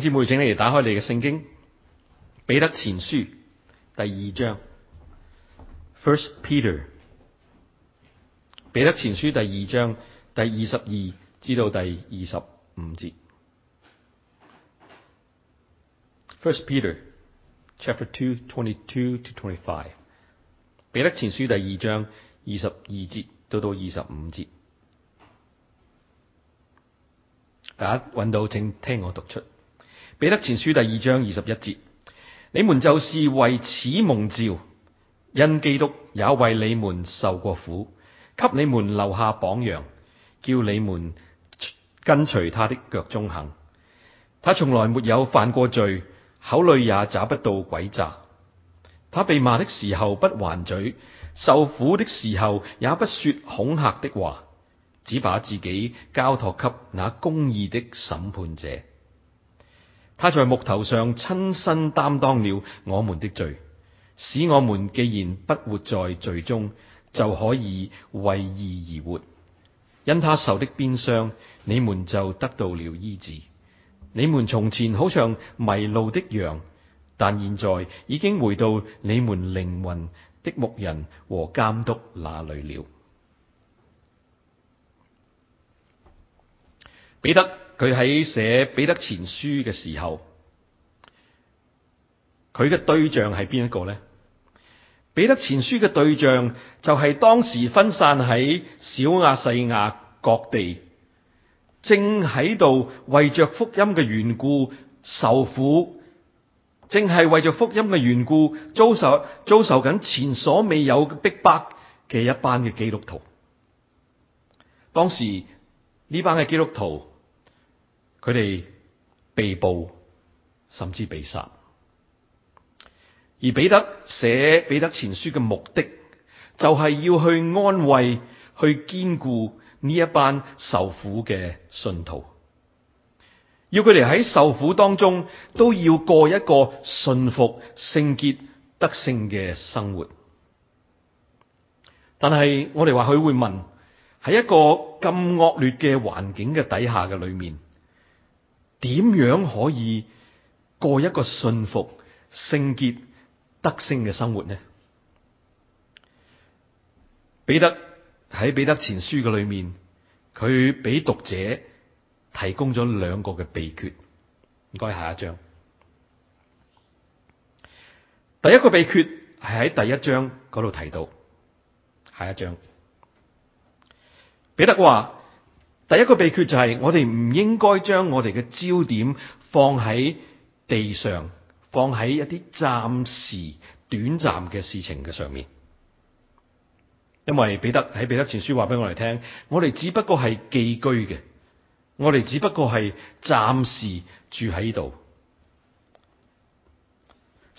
請姊妹，請你哋打開你嘅聖經《彼得前書》第二章，《First Peter》《彼得前書》第二章第二十二至到第二十五節，《First Peter Chapter 2,》Chapter Two Twenty Two to Twenty Five，《彼得前書》第二章二十二節到到二十五節，大家揾到請聽我讀出。彼得前書第二章二十一節：你們就是為此蒙召，因基督也為你們受過苦，給你們留下榜樣，叫你們跟隨他的腳蹤行。他從來沒有犯過罪，口裏也找不到詭詐。他被罵的時候不還嘴，受苦的時候也不說恐嚇的話，只把自己交託給那公義的審判者。他在木頭上親身擔當了我們的罪，使我們既然不活在罪中，就可以為義而活。因他受的鞭傷，你們就得到了醫治。你們從前好像迷路的羊，但現在已經回到你們靈魂的牧人和監督那裏了。彼得。佢喺寫彼得前書嘅時候，佢嘅對象係邊一個呢？彼得前書嘅對象就係當時分散喺小亞細亞各地，正喺度為着福音嘅緣故受苦，正係為着福音嘅緣故遭受遭受緊前所未有嘅逼迫嘅一班嘅基督徒。當時呢班嘅基督徒。佢哋被捕，甚至被殺。而彼得寫彼得前書嘅目的，就係要去安慰、去堅固呢一班受苦嘅信徒，要佢哋喺受苦當中都要過一個信服、聖潔、得勝嘅生活。但係我哋話佢會問：喺一個咁惡劣嘅環境嘅底下嘅裏面。點樣可以過一個信服、聖潔、得勝嘅生活呢？彼得喺彼得前書嘅裏面，佢俾讀者提供咗兩個嘅秘訣。唔該，下一章。第一個秘訣係喺第一章嗰度提到，下一章。彼得話。第一個秘訣就係我哋唔應該將我哋嘅焦點放喺地上，放喺一啲暫時短暫嘅事情嘅上面。因為彼得喺彼得前書話俾我哋聽，我哋只不過係寄居嘅，我哋只不過係暫時住喺度。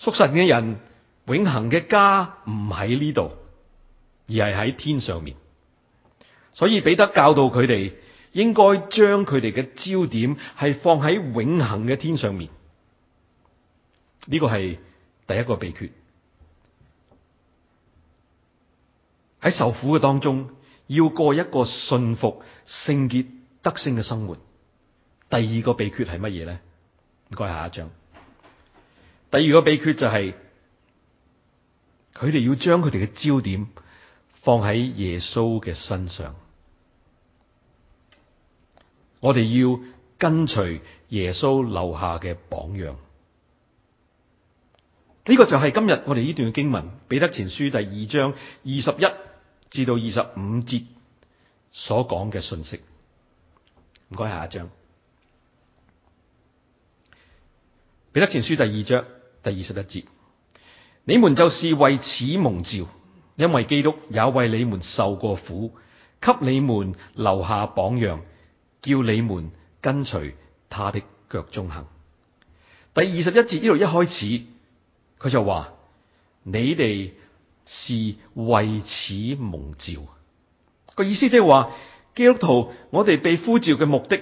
屬神嘅人，永恆嘅家唔喺呢度，而係喺天上面。所以彼得教導佢哋。應該將佢哋嘅焦點係放喺永恒嘅天上面，呢個係第一個秘訣。喺受苦嘅當中，要過一個信服、聖潔、得勝嘅生活。第二個秘訣係乜嘢呢？唔該，下一章。第二個秘訣就係佢哋要將佢哋嘅焦點放喺耶穌嘅身上。我哋要跟隨耶穌留下嘅榜樣，呢、這個就係今日我哋呢段嘅經文，彼得前書第二章二十一至到二十五節所講嘅信息。唔該，下一章。彼得前書第二章第二十一節：你們就是為此蒙召，因為基督也為你們受過苦，給你們留下榜樣，叫你們跟隨他的腳蹤行。第二十一節呢度一開始，佢就話：你哋是為此蒙召。個意思即係話，基督徒，我哋被呼召嘅目的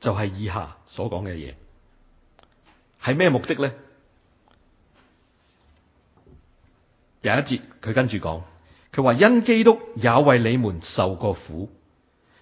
就係以下所講嘅嘢。係咩目的咧？廿一節佢跟住講，佢話因基督也為你們受過苦。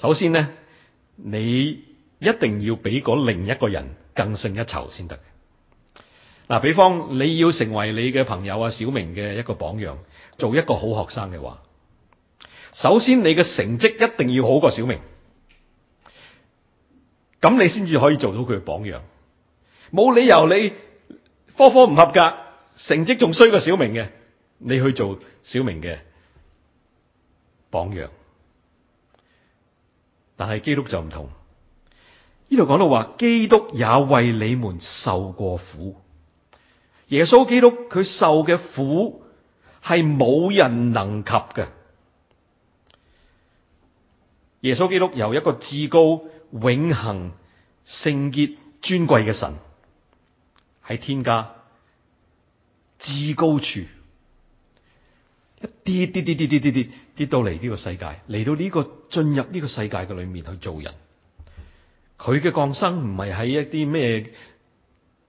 首先呢，你一定要比嗰另一個人更勝一籌先得。嗱，比方你要成為你嘅朋友啊小明嘅一個榜樣，做一個好學生嘅話，首先你嘅成績一定要好過小明，咁你先至可以做到佢嘅榜樣。冇理由你科科唔合格，成績仲衰過小明嘅，你去做小明嘅榜樣。但係基督就唔同，呢度講到話，基督也為你們受過苦。耶穌基督佢受嘅苦係冇人能及嘅。耶穌基督由一個至高、永恆、聖潔、尊貴嘅神，喺天家至高處。一啲啲啲啲啲啲跌到嚟呢個世界，嚟到呢個進入呢個世界嘅裏面去做人。佢嘅降生唔係喺一啲咩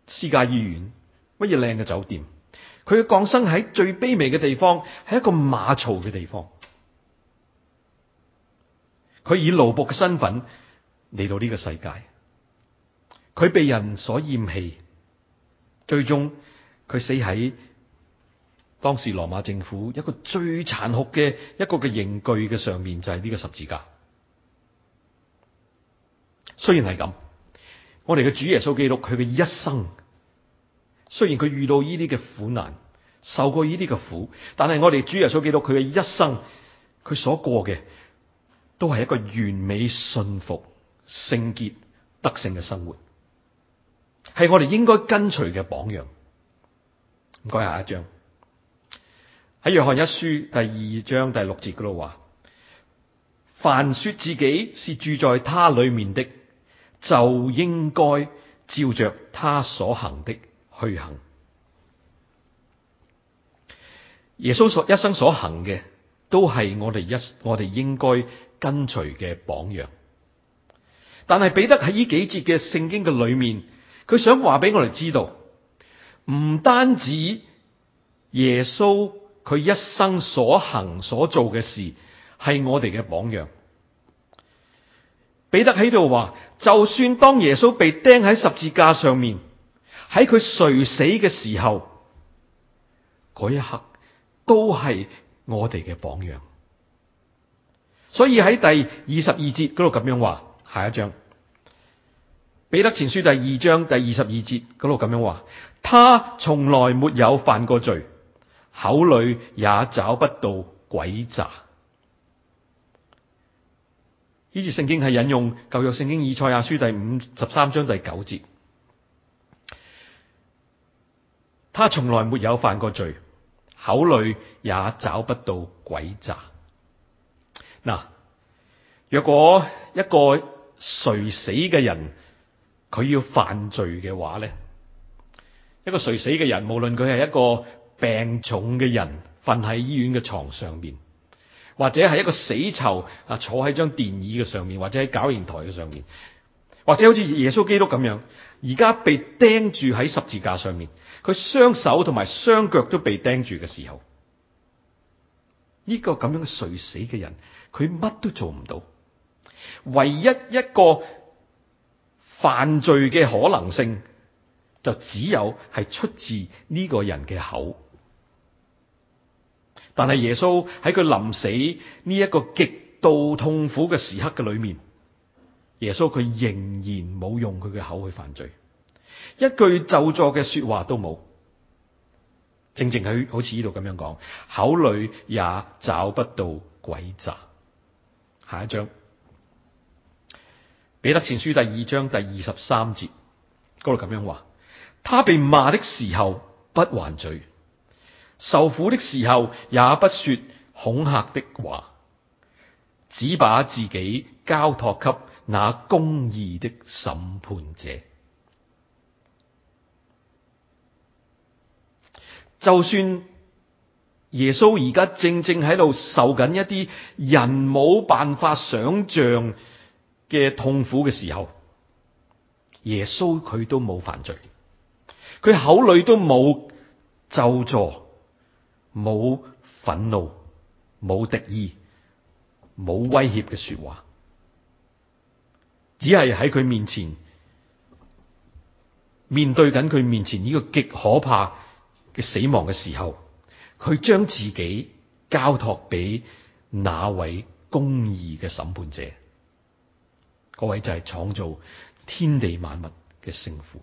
私家醫院，乜嘢靚嘅酒店。佢嘅降生喺最卑微嘅地方，喺一個馬槽嘅地方。佢以奴僕嘅身份嚟到呢個世界，佢被人所厭棄，最終佢死喺當時羅馬政府一個最殘酷嘅一個嘅刑具嘅上面就係呢個十字架。雖然係咁，我哋嘅主耶穌記錄佢嘅一生，雖然佢遇到呢啲嘅苦難，受過呢啲嘅苦，但係我哋主耶穌記錄佢嘅一生，佢所過嘅都係一個完美順服、聖潔、得勝嘅生活，係我哋應該跟隨嘅榜樣。唔該，下一張。喺約翰一書第二章第六節嗰度話，凡說自己是住在他裏面的，就應該照着他所行的去行。耶穌所一生所行嘅，都係我哋一我哋應該跟隨嘅榜樣。但係彼得喺呢幾節嘅聖經嘅裏面，佢想話俾我哋知道，唔單止耶穌。佢一生所行所做嘅事係我哋嘅榜樣。彼得喺度話：就算當耶穌被釘喺十字架上面，喺佢垂死嘅時候，一刻都係我哋嘅榜樣。所以喺第二十二節度咁樣話，下一章彼得前書第二章第二十二節度咁樣話，他從來沒有犯過罪，口裡也找不到詭詐，呢節聖經係引用舊約聖經以賽亞書第五十三章第九節。他從來沒有犯過罪，口裡也找不到詭詐。嗱，若果一個垂死嘅人，佢要犯罪嘅話咧，一個垂死嘅人，無論佢係一個。病重嘅人瞓喺醫院嘅床上面，或者係一個死囚啊坐喺張電椅嘅上面，或者喺絞刑台嘅上面，或者好似耶穌基督咁樣，而家被釘住喺十字架上面，佢雙手同埋雙腳都被釘住嘅時候，呢個咁樣垂死嘅人，佢乜都做唔到，唯一一個犯罪嘅可能性，就只有係出自呢個人嘅口。但係耶穌喺佢臨死呢一個極度痛苦嘅時刻嘅裏面，耶穌佢仍然冇用佢嘅口去犯罪，一句咒詛嘅說話都冇，正正佢好似呢度咁樣講，口裏也找不到詭詐。下一章《彼得前書》第二章第二十三節嗰度咁樣話：他被罵的時候不還罪。」受苦的時候，也不說恐嚇的話，只把自己交託給那公義的審判者。就算耶穌而家正正喺度受緊一啲人冇辦法想象嘅痛苦嘅時候，耶穌佢都冇犯罪，佢口裏都冇咒詛。冇憤怒、冇敵意、冇威脅嘅說話，只係喺佢面前面對緊佢面前呢個極可怕嘅死亡嘅時候，佢將自己交託俾那位公義嘅審判者。嗰位就係創造天地萬物嘅聖父，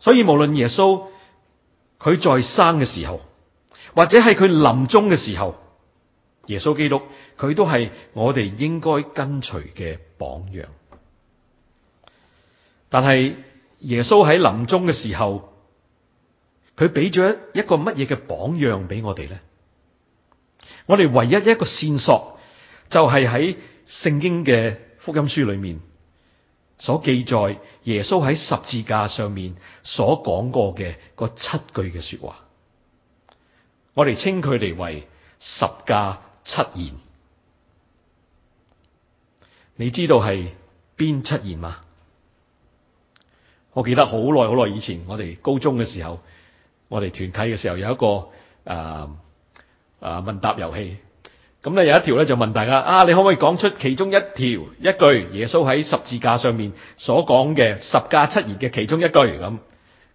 所以無論耶穌，佢在生嘅時候，或者係佢臨終嘅時候，耶穌基督佢都係我哋應該跟隨嘅榜樣。但係耶穌喺臨終嘅時候，佢俾咗一個乜嘢嘅榜樣俾我哋咧？我哋唯一一個線索就係喺聖經嘅福音書裏面。所記載耶穌喺十字架上面所講過嘅七句嘅說話，我哋稱佢哋為十架七言。你知道係邊七言嗎？我記得好耐好耐以前，我哋高中嘅時候，我哋團契嘅時候有一個誒誒、啊啊、問答遊戲。咁咧有一條咧就問大家啊，你可唔可以講出其中一條一句耶穌喺十字架上面所講嘅十架七言嘅其中一句咁？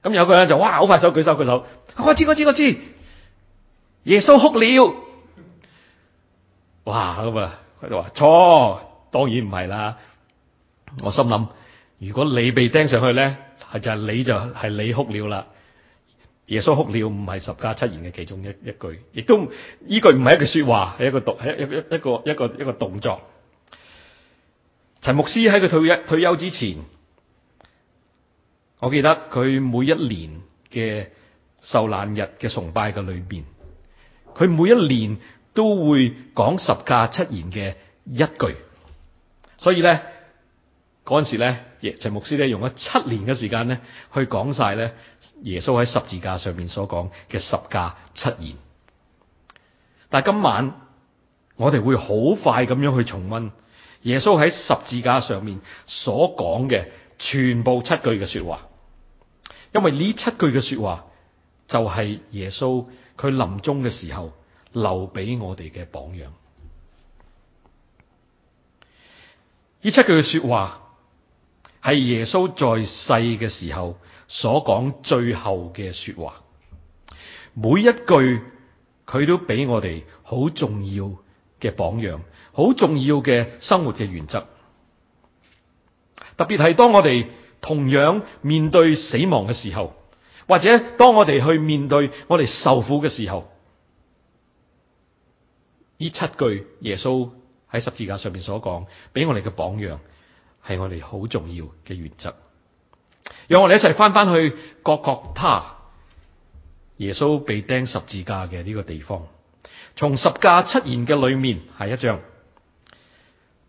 咁有個人就哇，好快手舉手舉手，我知我知我知，耶穌哭了。哇咁啊，佢就話錯，當然唔係啦。我心諗，如果你被釘上去咧，係就係你就係你哭了啦。耶穌哭了，唔係十架七言嘅其中一一句，亦都呢句唔係一句說話，係一個動，係一一一個一個一個一個動作。陳牧師喺佢退一退休之前，我記得佢每一年嘅受難日嘅崇拜嘅裏邊，佢每一年都會講十架七言嘅一句，所以咧嗰陣時咧。陳牧師咧用咗七年嘅時間咧去講晒咧耶穌喺十字架上面所講嘅十架七言。但係今晚我哋會好快咁樣去重温耶穌喺十字架上面所講嘅全部七句嘅說話，因為呢七句嘅說話就係耶穌佢臨終嘅時候留俾我哋嘅榜樣。呢七句嘅說話。係耶穌在世嘅時候所講最後嘅說話，每一句佢都俾我哋好重要嘅榜樣，好重要嘅生活嘅原則。特別係當我哋同樣面對死亡嘅時候，或者當我哋去面對我哋受苦嘅時候，呢七句耶穌喺十字架上面所講，俾我哋嘅榜樣。係我哋好重要嘅原則，讓我哋一齊返返去各各他耶穌被釘十字架嘅呢個地方，從十架七言嘅裏面，下一張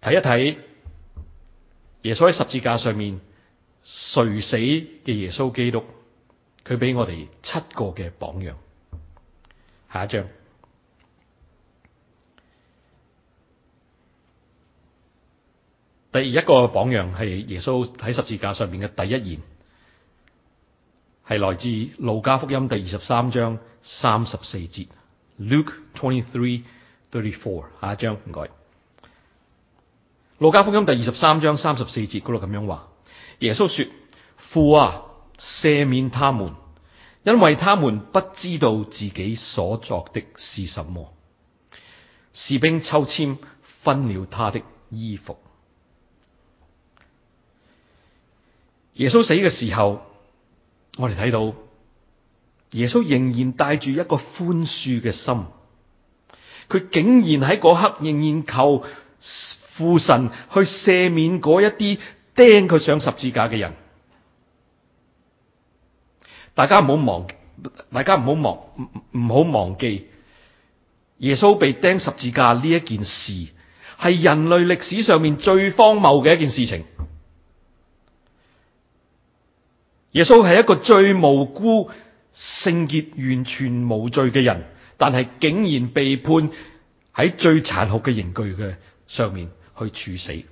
睇一睇耶穌喺十字架上面垂死嘅耶穌基督，佢俾我哋七個嘅榜樣。下一張。第一個榜樣係耶穌喺十字架上面嘅第一言，係來自路加福音第二十三章三十四節。Luke twenty three thirty four 下一章唔該。路加福音第二十三章三十四節度咁樣話：耶穌說，父啊，赦免他們，因為他們不知道自己所作的是什麼。士兵抽簽分了他的衣服。耶穌死嘅時候，我哋睇到耶穌仍然帶住一個寬恕嘅心，佢竟然喺嗰刻仍然求父神去赦免嗰一啲釘佢上十字架嘅人。大家唔好忘，大家唔好忘，唔好忘記耶穌被釘十字架呢一件事，係人類歷史上面最荒謬嘅一件事情。耶穌係一個最無辜、聖潔、完全無罪嘅人，但係竟然被判喺最殘酷嘅刑具嘅上面去處死。呢、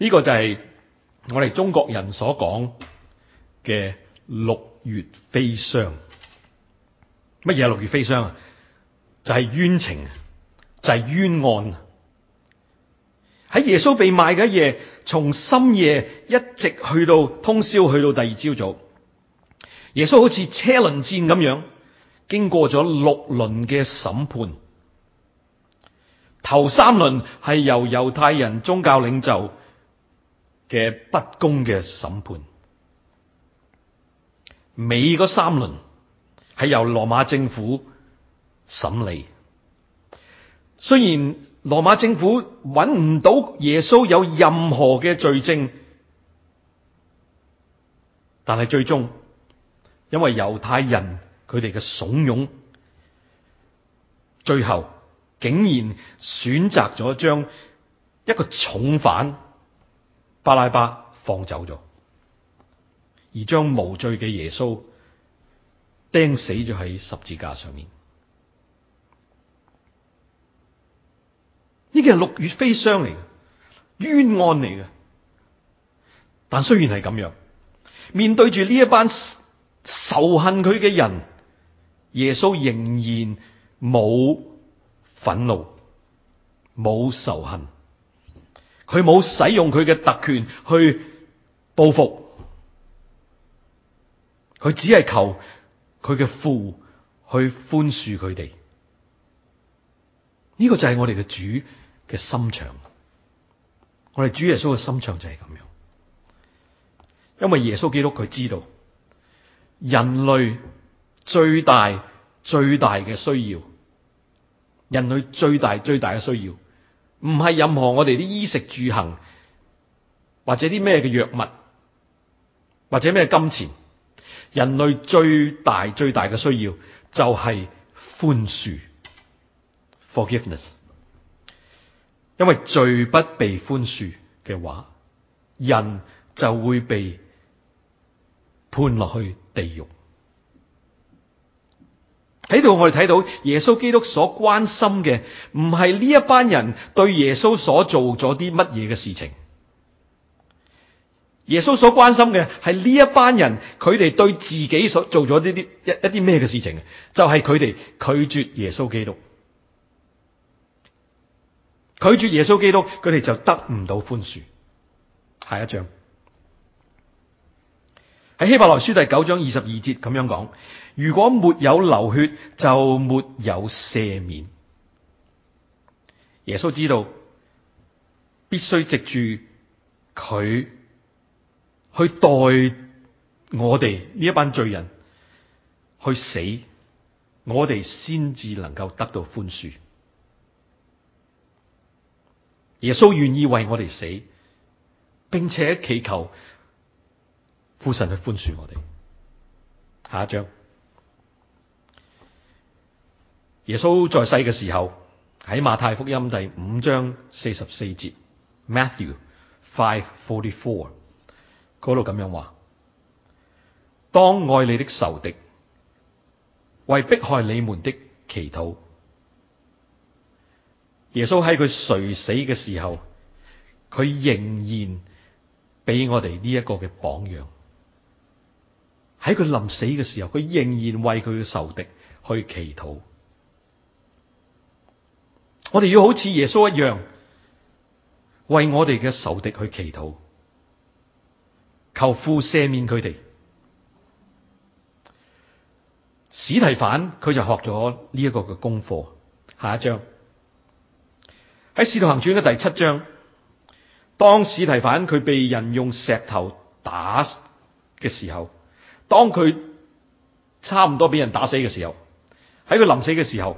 這個就係我哋中國人所講嘅六月飛霜。乜嘢六月飛霜啊？就係、是、冤情，就係、是、冤案。喺耶穌被賣嘅一夜，從深夜一直去到通宵，去到第二朝早，耶穌好似車輪戰咁樣，經過咗六輪嘅審判。頭三輪係由猶太人宗教領袖嘅不公嘅審判，尾嗰三輪係由羅馬政府審理。雖然。羅馬政府搵唔到耶穌有任何嘅罪證，但係最終因為猶太人佢哋嘅慫恿，最後竟然選擇咗將一個重犯巴拉巴放走咗，而將無罪嘅耶穌釘死咗喺十字架上面。呢個係六月飛霜嚟嘅冤案嚟嘅，但雖然係咁樣，面對住呢一班仇恨佢嘅人，耶穌仍然冇憤怒，冇仇恨，佢冇使用佢嘅特權去報復，佢只係求佢嘅父去寬恕佢哋。呢個就係我哋嘅主。嘅心腸，我哋主耶穌嘅心腸就係咁樣，因為耶穌基督佢知道人類最大最大嘅需要，人類最大最大嘅需要唔係任何我哋啲衣食住行或者啲咩嘅藥物或者咩金錢，人類最大最大嘅需要就係寬恕，forgiveness。For 因為罪不被寬恕嘅話，人就會被判落去地獄。喺度我哋睇到耶穌基督所關心嘅，唔係呢一班人對耶穌所做咗啲乜嘢嘅事情。耶穌所關心嘅係呢一班人，佢哋對自己所做咗啲啲一一啲咩嘅事情，就係佢哋拒絕耶穌基督。拒絕耶穌基督，佢哋就得唔到寬恕。下一章喺希伯來書第九章二十二節咁樣講：如果沒有流血，就沒有赦免。耶穌知道必須藉住佢去代我哋呢一班罪人去死，我哋先至能夠得到寬恕。耶穌願意為我哋死，並且祈求父神去寬恕我哋。下一章，耶穌在世嘅時候喺馬太福音第五章四十四節 （Matthew 5:44），嗰度咁樣話：當愛你的仇敵，為迫害你們的祈禱。耶穌喺佢垂死嘅時候，佢仍然俾我哋呢一個嘅榜樣。喺佢臨死嘅時候，佢仍然為佢嘅仇敵去祈禱。我哋要好似耶穌一樣，為我哋嘅仇敵去祈禱，求父赦免佢哋。司提反佢就學咗呢一個嘅功課，下一章。喺《使徒行傳》嘅第七章，當司提反佢被人用石頭打嘅時候，當佢差唔多俾人打死嘅時候，喺佢臨死嘅時候，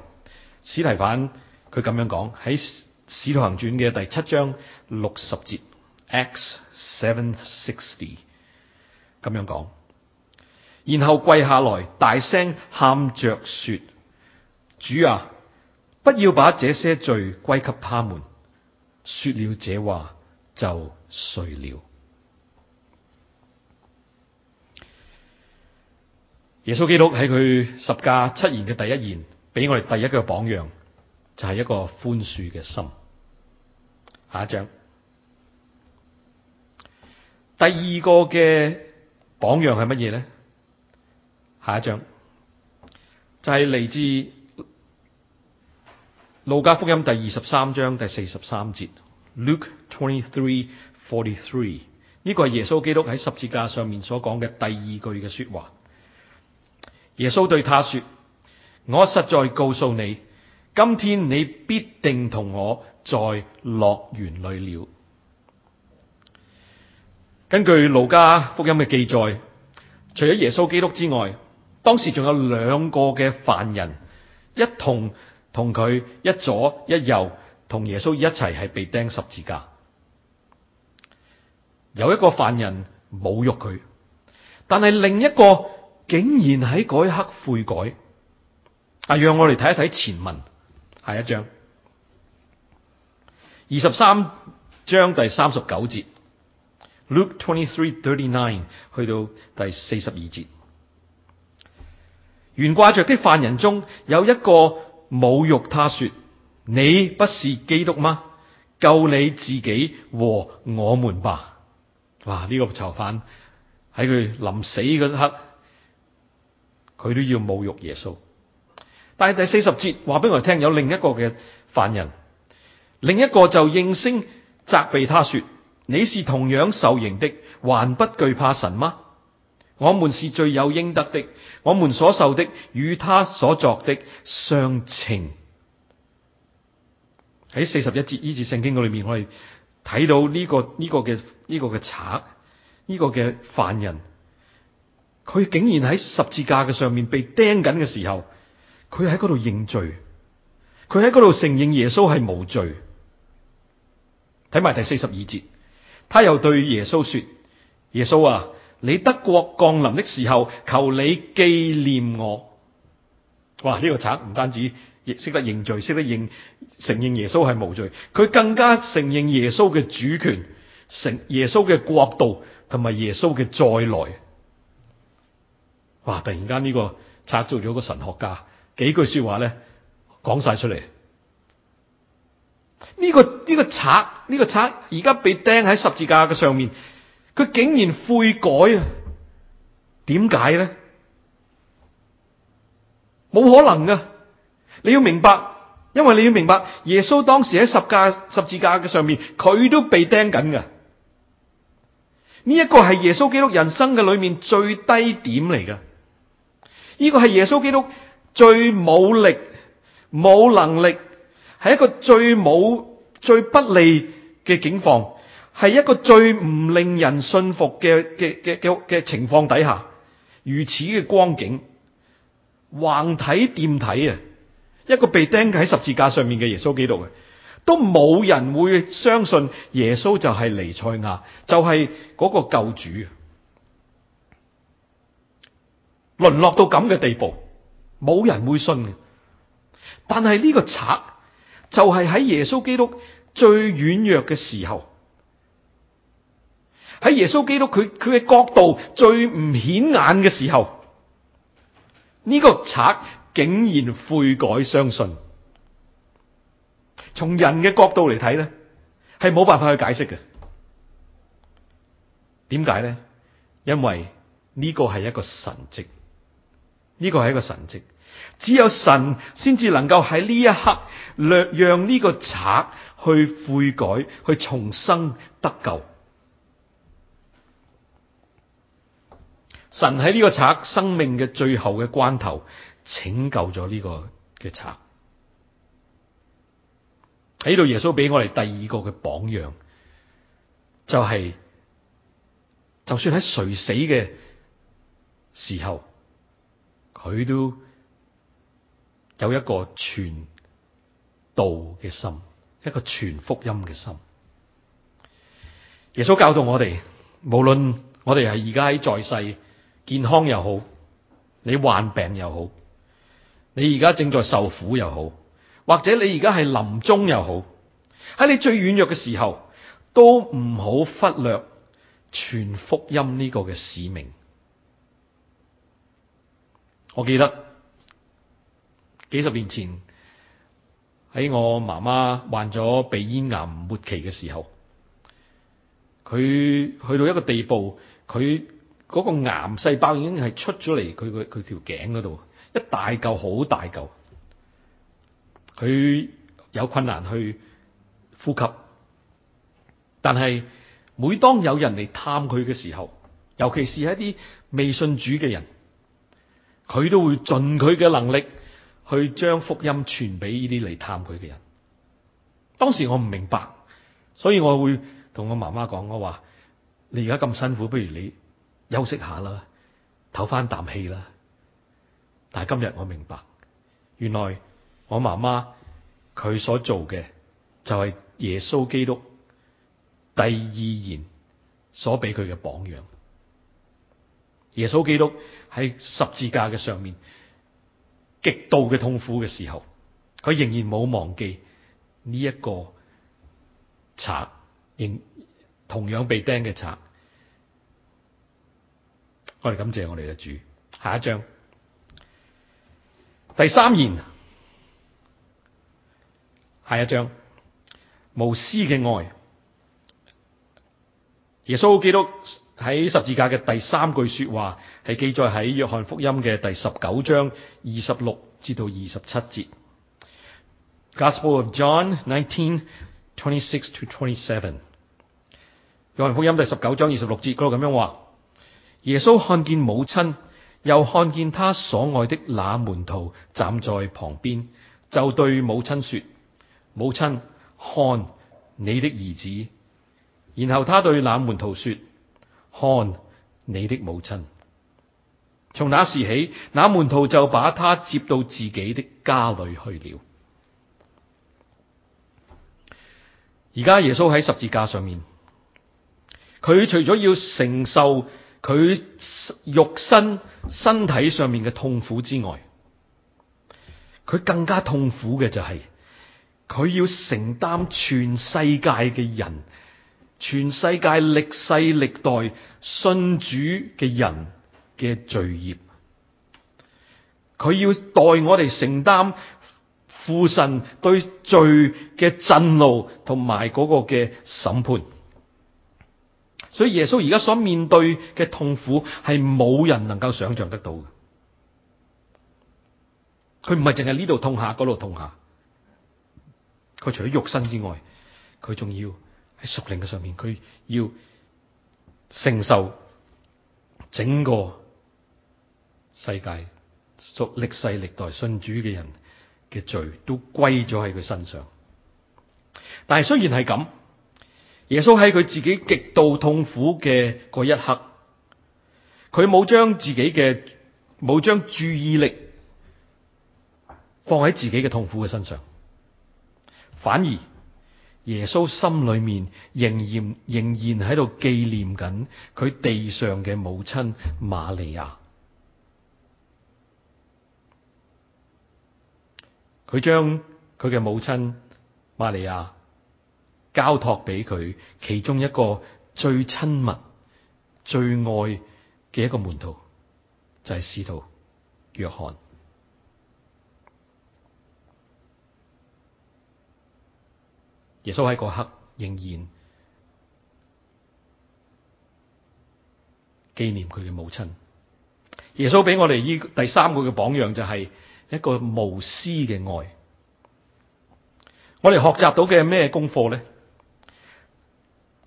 司提反佢咁樣講，喺《使徒行傳》嘅第七章六十節 （X seven sixty） 咁樣講，然後跪下來大聲喊着說：主啊！不要把這些罪歸給他們。說了這話就睡了。耶穌基督喺佢十架七言嘅第一言，俾我哋第一個榜樣就係、是、一個寬恕嘅心。下一章，第二個嘅榜樣係乜嘢呢？下一章就係、是、嚟自。路加福音第二十三章第四十三節，Luke twenty three forty three 呢個係耶穌基督喺十字架上面所講嘅第二句嘅說話。耶穌對他說：我實在告訴你，今天你必定同我在樂園裏了。根據路加福音嘅記載，除咗耶穌基督之外，當時仲有兩個嘅犯人一同。同佢一左一右，同耶穌一齊係被釘十字架。有一個犯人侮辱佢，但係另一個竟然喺嗰一刻悔改。啊，讓我哋睇一睇前文，下一章二十三章第三十九節，Luke twenty three thirty nine 去到第四十二節，懸掛着的犯人中有一個。侮辱他說：你不是基督嗎？救你自己和我們吧！哇，呢個囚犯喺佢臨死一刻，佢都要侮辱耶穌。但係第四十節話俾我哋聽，有另一個嘅犯人，另一個就應聲責備他說：你是同樣受刑的，還不懼怕神嗎？我們是罪有應得的，我們所受的與他所作的相稱。喺四十一節呢節聖經嗰裏面，我哋睇到呢、這個呢、這個嘅呢、這個嘅賊，呢、這個嘅犯人，佢竟然喺十字架嘅上面被釘緊嘅時候，佢喺嗰度認罪，佢喺嗰度承認耶穌係無罪。睇埋第四十二節，他又對耶穌說：耶穌啊！你德國降臨的時候，求你紀念我。哇！呢個賊唔單止識得認罪，識得認承認耶穌係無罪，佢更加承認耶穌嘅主權，成耶穌嘅國度，同埋耶穌嘅再來。哇！突然間呢個賊做咗個神學家，幾句說話咧，講晒出嚟。呢個呢個賊呢個賊，而家被釘喺十字架嘅上面。佢竟然悔改啊？點解咧？冇可能啊！你要明白，因為你要明白，耶穌當時喺十架、十字架嘅上面，佢都被釘緊嘅。呢一個係耶穌基督人生嘅裏面最低點嚟嘅。呢個係耶穌基督最冇力、冇能力，係一個最冇、最不利嘅境況。係一個最唔令人信服嘅嘅嘅嘅嘅情況底下，如此嘅光景，橫睇掂睇啊，一個被釘喺十字架上面嘅耶穌基督嘅，都冇人會相信耶穌就係彌賽亞，就係嗰個救主啊，淪落到咁嘅地步，冇人會信嘅。但係呢個賊就係喺耶穌基督最軟弱嘅時候。喺耶穌基督佢佢嘅角度最唔顯眼嘅時候，呢個賊竟然悔改相信。從人嘅角度嚟睇咧，係冇辦法去解釋嘅。點解呢？因為呢個係一個神蹟，呢個係一個神蹟。只有神先至能夠喺呢一刻略讓呢個賊去悔改，去重生得救。神喺呢個賊生命嘅最後嘅關頭拯救咗呢個嘅賊，喺度耶穌俾我哋第二個嘅榜樣，就係就算喺垂死嘅時候，佢都有一個傳道嘅心，一個傳福音嘅心。耶穌教導我哋，無論我哋係而家喺在世。健康又好，你患病又好，你而家正在受苦又好，或者你而家係臨終又好，喺你最軟弱嘅時候，都唔好忽略傳福音呢個嘅使命。我記得幾十年前喺我媽媽患咗鼻咽癌末期嘅時候，佢去到一個地步，佢。嗰個癌細胞已經係出咗嚟，佢個佢條頸嗰度，一大嚿好大嚿，佢有困難去呼吸。但係每當有人嚟探佢嘅時候，尤其係一啲未信主嘅人，佢都會盡佢嘅能力去將福音傳俾呢啲嚟探佢嘅人。當時我唔明白，所以我會同我媽媽講，我話你而家咁辛苦，不如你休息下啦，唞翻啖氣啦。但係今日我明白，原來我媽媽佢所做嘅就係耶穌基督第二言所俾佢嘅榜樣。耶穌基督喺十字架嘅上面極度嘅痛苦嘅時候，佢仍然冇忘記呢一個賊，同同樣被釘嘅賊。我哋感謝我哋嘅主。下一章，第三言。下一章，無私嘅愛。耶穌基督喺十字架嘅第三句說話，係記載喺約翰福音嘅第十九章二十六至到二十七節。Gospel of John nineteen twenty six to twenty seven。27，約翰福音第十九章二十六節嗰度咁樣話。耶穌看見母親，又看見他所愛的那門徒站在旁邊，就對母親說：母親，看你的兒子。然後他對那門徒說：看你的母親。從那時起，那門徒就把他接到自己的家裏去了。而家耶穌喺十字架上面，佢除咗要承受……佢肉身身體上面嘅痛苦之外，佢更加痛苦嘅就係、是、佢要承擔全世界嘅人，全世界歷世歷代信主嘅人嘅罪孽，佢要代我哋承擔父神對罪嘅震怒同埋嗰個嘅審判。所以耶穌而家所面對嘅痛苦係冇人能夠想象得到嘅。佢唔係淨係呢度痛下，嗰度痛下。佢除咗肉身之外，佢仲要喺屬靈嘅上面，佢要承受整個世界屬歷世歷代信主嘅人嘅罪都歸咗喺佢身上。但係雖然係咁。耶穌喺佢自己極度痛苦嘅一刻，佢冇將自己嘅冇將注意力放喺自己嘅痛苦嘅身上，反而耶穌心裏面仍然仍然喺度紀念緊佢地上嘅母親瑪利亞。佢將佢嘅母親瑪利亞。交託俾佢其中一個最親密、最愛嘅一個門徒，就係使徒約翰。耶穌喺嗰刻仍然紀念佢嘅母親。耶穌俾我哋呢第三個嘅榜樣就係一個無私嘅愛。我哋學習到嘅咩功課咧？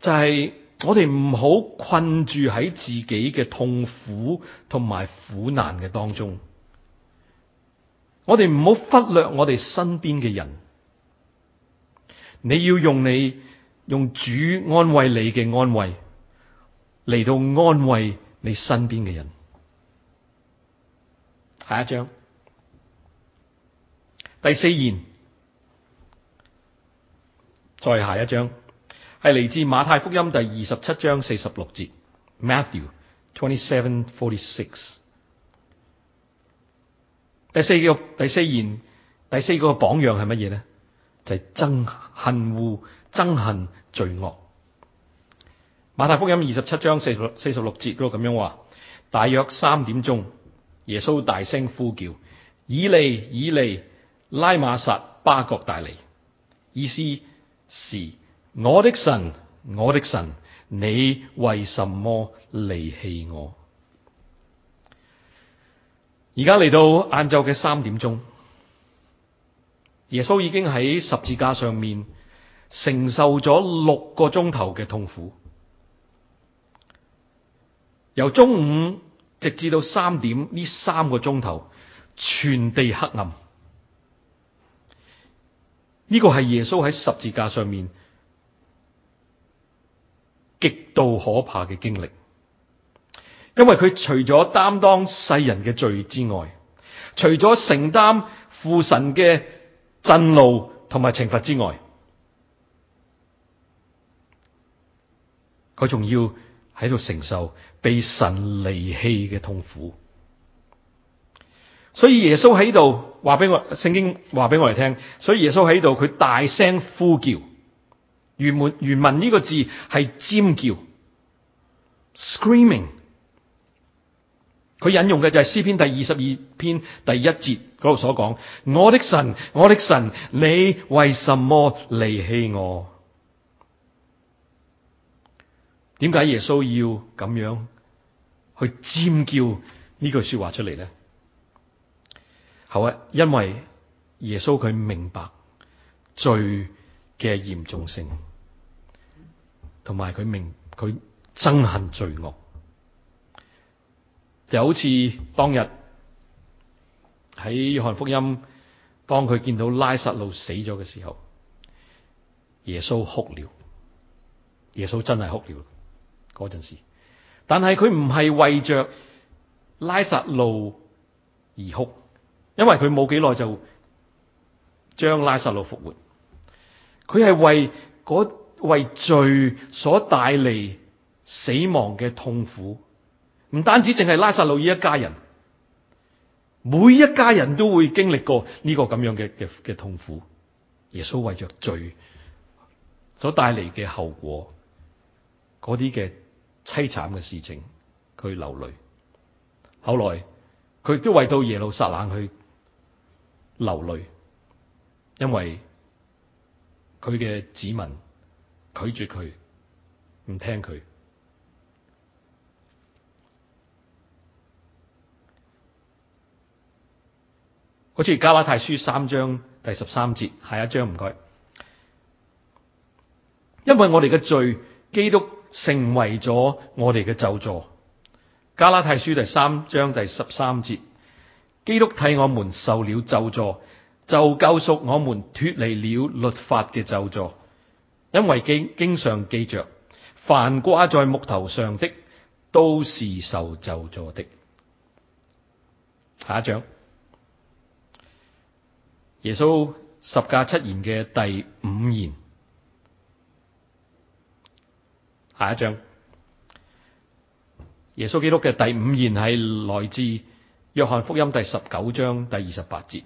就係我哋唔好困住喺自己嘅痛苦同埋苦難嘅當中，我哋唔好忽略我哋身邊嘅人。你要用你用主安慰你嘅安慰嚟到安慰你身邊嘅人。下一章，第四言，再下一章。係嚟自馬太福音第二十七章四十六節。Matthew twenty seven forty six。第四個第四言第四個榜樣係乜嘢咧？就係、是、憎恨、惡憎恨罪惡。馬太福音二十七章四十四十六節咯，都咁樣話，大約三點鐘，耶穌大聲呼叫：以利，以利，拉馬撒巴各大利，意思是。我的神，我的神，你為什麼離棄我？而家嚟到晏晝嘅三點鐘，耶穌已經喺十字架上面承受咗六個鐘頭嘅痛苦，由中午直至到三點呢三個鐘頭，全地黑暗。呢、呢個係耶穌喺十字架上面極度可怕嘅經歷，因為佢除咗擔當世人嘅罪之外，除咗承擔父神嘅震怒同埋懲罰之外，佢仲要喺度承受被神離棄嘅痛苦。所以耶穌喺度話俾我，聖經話俾我哋聽。所以耶穌喺度，佢大聲呼叫。原文原文呢個字係尖叫，screaming。佢 Sc 引用嘅就係詩篇第二十二篇第一節嗰度所講：我的神，我的神，你為什麼離棄我？點解耶穌要咁樣去尖叫呢句說話出嚟咧？好啊，因為耶穌佢明白罪。嘅嚴重性，同埋佢明佢憎恨罪惡，就好似當日喺約翰福音，當佢見到拉撒路死咗嘅時候，耶穌哭了，耶穌真係哭了嗰陣時，但係佢唔係為着拉撒路而哭，因為佢冇幾耐就將拉撒路復活。佢係為為罪所帶嚟死亡嘅痛苦，唔單止淨係拉撒路爾一,一家人，每一家人都會經歷過呢、呢個咁樣嘅嘅嘅痛苦。耶穌為着罪所帶嚟嘅後果，嗰啲嘅淒慘嘅事情，佢流淚。後來佢都為到耶路撒冷去流淚，因為佢嘅子民拒絕佢，唔聽佢。好似加拉太書三章第十三節，下一章唔該。因為我哋嘅罪，基督成為咗我哋嘅咒詛。加拉太書第三章第十三節，基督替我們受了咒詛。就救贖我們脱離了律法嘅咒詛，因為經經常記着，凡掛在木頭上的都是受咒詛的。下一章，耶穌十架七言嘅第五言。下一章，耶穌基督嘅第五言係來自約翰福音第十九章第二十八節。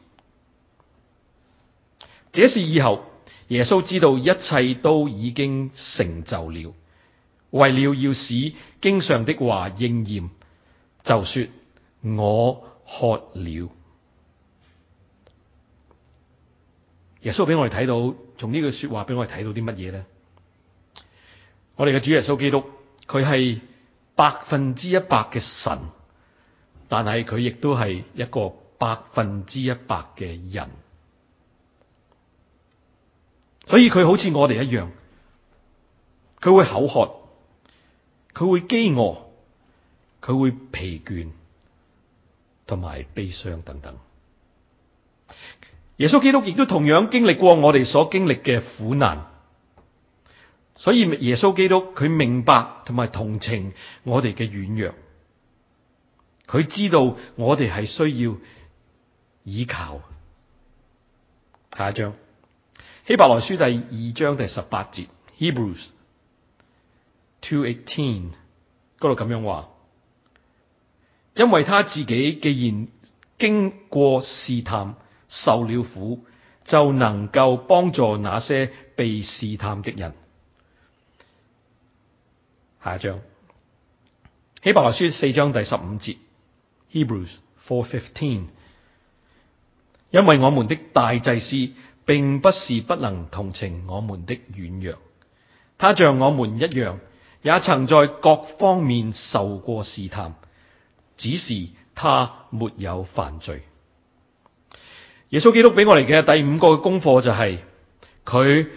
這事以後耶穌知道一切都已經成就了，為了要使經上的話應驗，就說我渴了。耶穌俾我哋睇到，從呢句說話俾我哋睇到啲乜嘢咧？我哋嘅主耶穌基督，佢係百分之一百嘅神，但係佢亦都係一個百分之一百嘅人。所以佢好似我哋一樣，佢會口渴，佢會飢餓，佢會疲倦，同埋悲傷等等。耶穌基督亦都同樣經歷過我哋所經歷嘅苦難，所以耶穌基督佢明白同埋同情我哋嘅軟弱，佢知道我哋係需要倚靠。下一張。希伯來書第二章第十八節，Hebrews two eighteen 嗰度咁樣話，因為他自己既然經過試探，受了苦，就能夠幫助那些被試探的人。下一章，希伯來書四章第十五節，Hebrews four fifteen，因為我們的大祭司。並不是不能同情我們的軟弱，他像我們一樣，也曾在各方面受過試探，只是他沒有犯罪。耶穌基督俾我哋嘅第五個功課就係、是、佢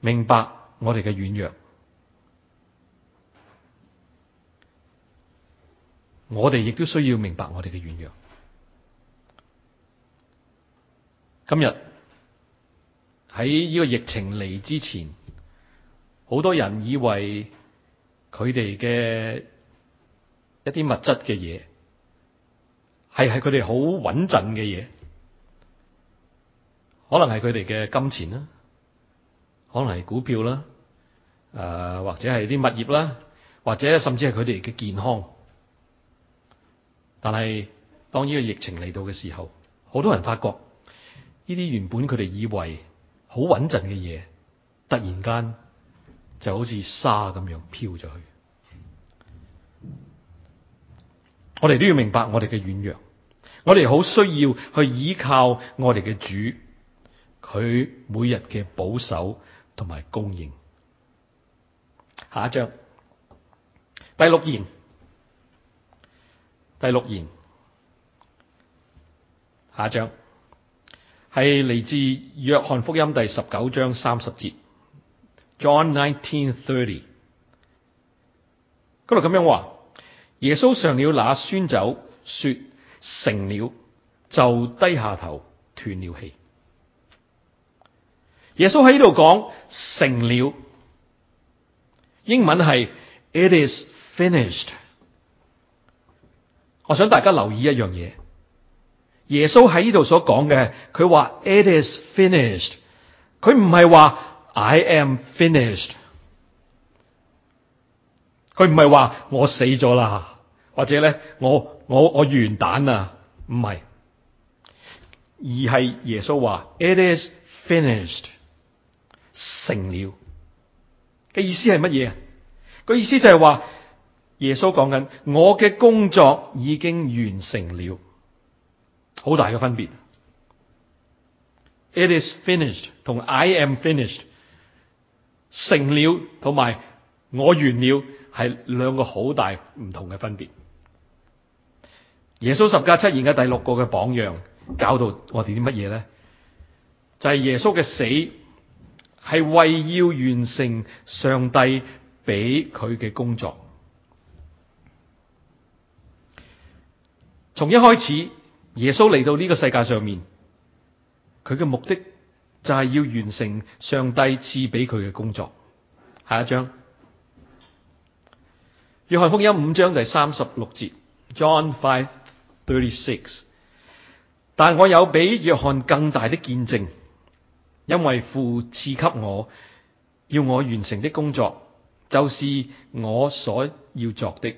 明白我哋嘅軟弱，我哋亦都需要明白我哋嘅軟弱。今日。喺呢個疫情嚟之前，好多人以為佢哋嘅一啲物質嘅嘢係係佢哋好穩陣嘅嘢，可能係佢哋嘅金錢啦，可能係股票啦，誒、呃、或者係啲物業啦，或者甚至係佢哋嘅健康。但係當呢個疫情嚟到嘅時候，好多人發覺呢啲原本佢哋以為好穩陣嘅嘢，突然間就好似沙咁樣飄咗去。我哋都要明白我哋嘅軟弱，我哋好需要去依靠我哋嘅主，佢每日嘅保守同埋供應。下一章，第六言，第六言，下一章。係嚟自約翰福音第十九章三十節。John nineteen thirty，嗰度咁樣話：耶穌上了那酸酒，說成了，就低下頭斷了氣。耶穌喺呢度講成了，英文係 It is finished。我想大家留意一樣嘢。耶穌喺呢度所講嘅，佢話 it is finished。佢唔係話 I am finished。佢唔係話我死咗啦，或者咧我我我完蛋啊，唔係。而係耶穌話 it is finished，成了嘅意思係乜嘢啊？個意思就係話耶穌講緊，我嘅工作已經完成了。好大嘅分別，It is finished 同 I am finished，成了同埋我完了係兩個好大唔同嘅分別。耶穌十架出現嘅第六個嘅榜樣，搞到我哋啲乜嘢呢？就係、是、耶穌嘅死係為要完成上帝俾佢嘅工作，從一開始。耶穌嚟到呢個世界上面，佢嘅目的就係要完成上帝賜俾佢嘅工作。下一章，約翰福音五章第三十六節，John five thirty six。但我有比約翰更大的見證，因為父賜給我要我完成的工作，就是我所要作的，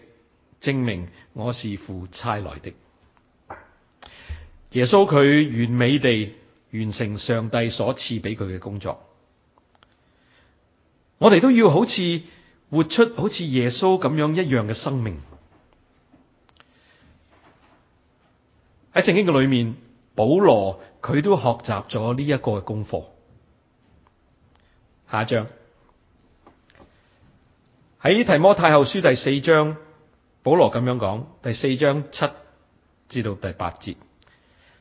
證明我是父差來的。耶穌佢完美地完成上帝所賜俾佢嘅工作，我哋都要好似活出好似耶穌咁樣一樣嘅生命。喺聖經嘅裏面，保羅佢都學習咗呢一個嘅功課。下一章，喺提摩太後書第四章，保羅咁樣講，第四章七至到第八節。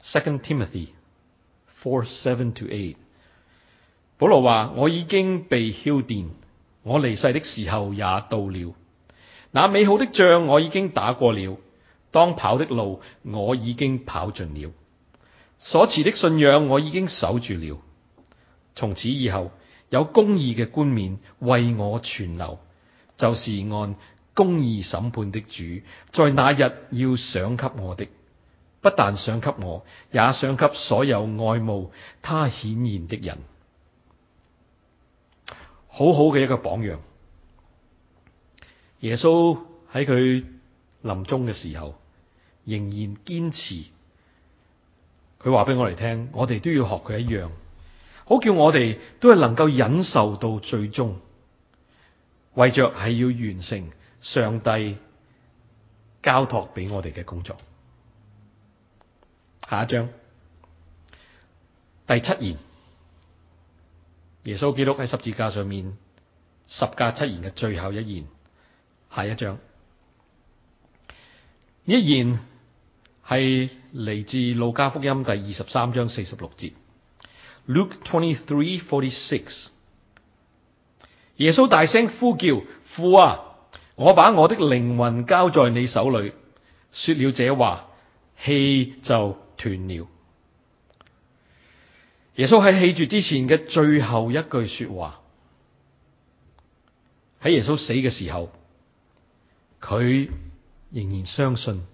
Second Timothy four seven to eight，保羅話：我已經被澆奠，我離世的時候也到了。那美好的仗我已經打過了，當跑的路我已經跑盡了，所持的信仰我已經守住了。從此以後，有公義嘅冠冕為我存留，就是按公義審判的主，在那日要賞給我的。不但想給我，也想給所有愛慕他顯現的人。好好嘅一個榜樣。耶穌喺佢臨終嘅時候，仍然堅持。佢話俾我哋聽，我哋都要學佢一樣，好叫我哋都係能夠忍受到最終，為着係要完成上帝交託俾我哋嘅工作。下一章第七言，耶穌基督喺十字架上面十架七言嘅最後一言。下一章，呢一言係嚟自路加福音第二十三章四十六節。Luke twenty three forty six，耶穌大聲呼叫，父啊，我把我的靈魂交在你手裏。說了這話，氣就。斷了。耶穌喺氣絕之前嘅最後一句說話，喺耶穌死嘅時候，佢仍然相信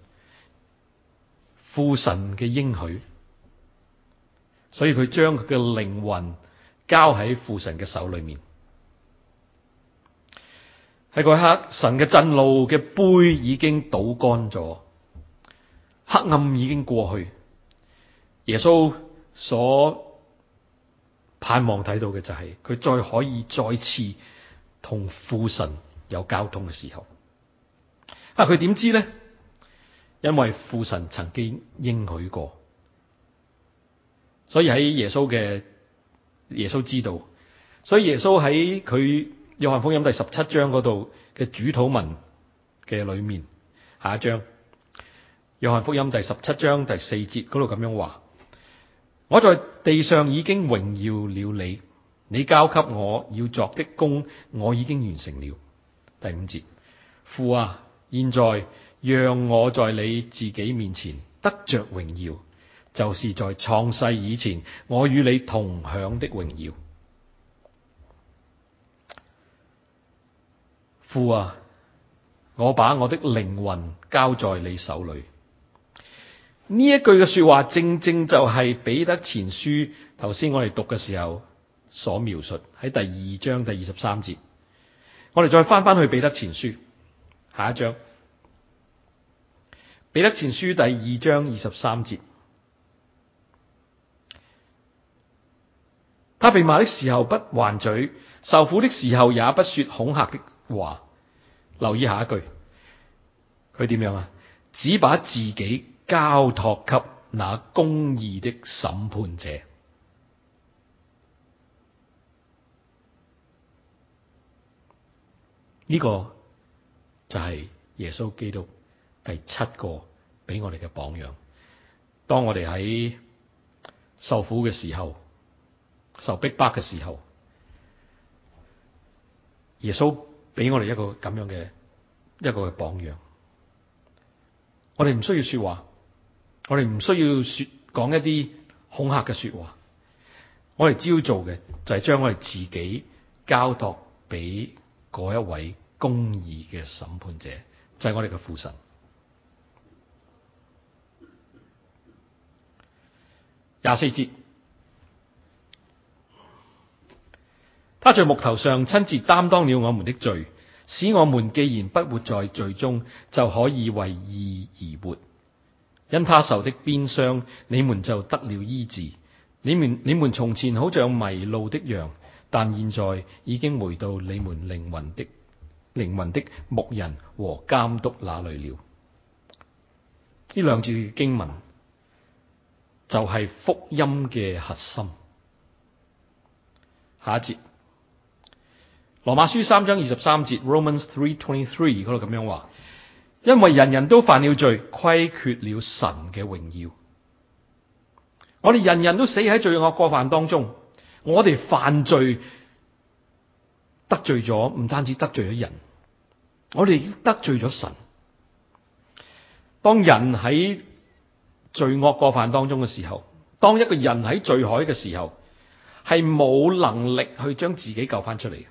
父神嘅應許，所以佢將佢嘅靈魂交喺父神嘅手裏面。喺嗰一刻，神嘅震怒嘅杯已經倒乾咗，黑暗已經過去。耶穌所盼望睇到嘅，就係佢再可以再次同父神有交通嘅時候，啊佢點知咧？因為父神曾經應許過，所以喺耶穌嘅，耶穌知道，所以耶穌喺佢約翰福音第十七章度嘅主禱文嘅裏面，下一章約翰福音第十七章第四節度咁樣話。我在地上已經榮耀了你，你交給我要作的功，我已經完成了。第五節，父啊，現在讓我在你自己面前得着榮耀，就是在創世以前，我與你同享的榮耀。父啊，我把我的靈魂交在你手裏。呢一句嘅說話，正正就係彼得前書，頭先我哋讀嘅時候所描述喺第二章第二十三節。我哋再翻翻去彼得前書下一章，彼得前書第二章二十三節，他被罵的時候不還嘴，受苦的時候也不說恐嚇的話。留意下一句，佢點樣啊？只把自己。交託給那公義的審判者，呢個就係耶穌基督第七個俾我哋嘅榜樣。當我哋喺受苦嘅時候，受逼迫嘅時候，耶穌俾我哋一個咁樣嘅一個嘅榜樣。我哋唔需要說話。我哋唔需要說講一啲恐嚇嘅說話，我哋只要做嘅就係將我哋自己交託俾嗰一位公義嘅審判者，就係我哋嘅父神。廿四節，他在木頭上親自擔當了我們的罪，使我們既然不活在罪中，就可以為義而活。因他受的鞭傷，你們就得了醫治。你們你們從前好像迷路的羊，但現在已經回到你們靈魂的、靈魂的牧人和監督那裏了。呢兩節經文就係福音嘅核心。下一節，羅馬書三章二十三節 （Romans three twenty-three） 度咁樣話。因為人人都犯了罪，虧缺了神嘅榮耀。我哋人人都死喺罪惡過犯當中，我哋犯罪得罪咗，唔單止得罪咗人，我哋已經得罪咗神。當人喺罪惡過犯當中嘅時候，當一個人喺罪海嘅時候，係冇能力去將自己救翻出嚟，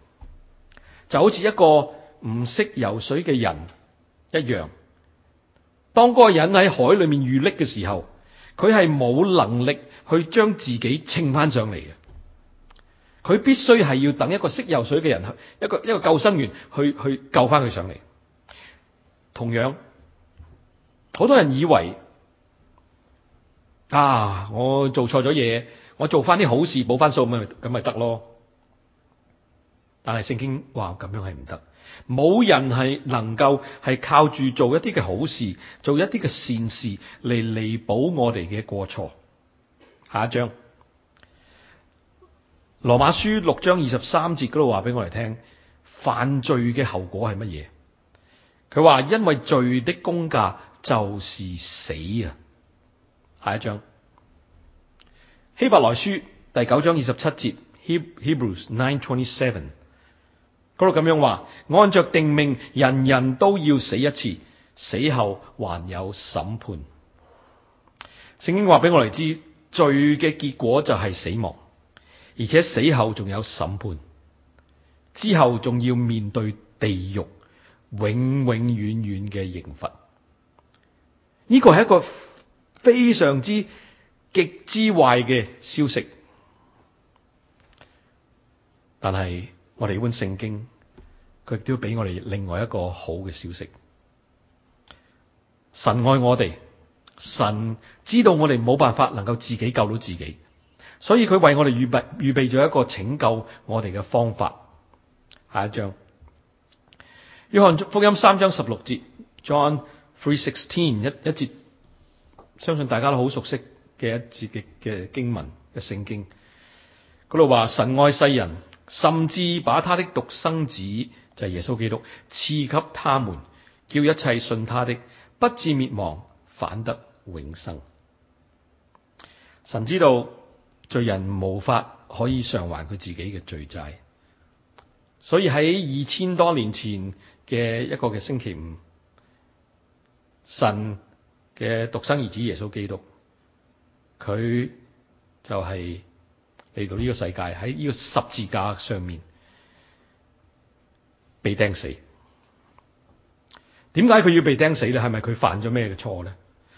就好似一個唔識游水嘅人。一樣，當嗰個人喺海裏面遇溺嘅時候，佢係冇能力去將自己稱翻上嚟嘅，佢必須係要等一個識游水嘅人，一個一個救生員去去救翻佢上嚟。同樣，好多人以為啊，我做錯咗嘢，我做翻啲好事補翻數，咪咁咪得咯。但係聖經話咁樣係唔得，冇人係能夠係靠住做一啲嘅好事，做一啲嘅善事嚟彌補我哋嘅過錯。下一章，羅馬書六章二十三節嗰度話俾我哋聽，犯罪嘅後果係乜嘢？佢話，因為罪的工價就是死啊！下一章，希伯來書第九章二十七節，Hebrews nine twenty seven。嗰度咁樣話，按着定命，人人都要死一次，死後還有審判。聖經話俾我哋知，罪嘅結果就係死亡，而且死後仲有審判，之後仲要面對地獄，永永遠遠嘅刑罰。呢個係一個非常之極之壞嘅消息，但係。我哋呢本聖經，佢亦都俾我哋另外一個好嘅消息。神愛我哋，神知道我哋冇辦法能夠自己救到自己，所以佢為我哋預備預備咗一個拯救我哋嘅方法。下一章，約翰福音三章十六節，John three sixteen 一一節，相信大家都好熟悉嘅一節嘅嘅經文嘅聖經，嗰度話神愛世人。甚至把他的獨生子，就是耶穌基督賜給他們，叫一切信他的不至滅亡，反得永生。神知道罪人無法可以償還佢自己嘅罪債，所以喺二千多年前嘅一個嘅星期五，神嘅獨生兒子耶穌基督，佢就係、是。嚟到呢個世界，喺呢個十字架上面被釘死，點解佢要被釘死咧？係咪佢犯咗咩嘅錯咧？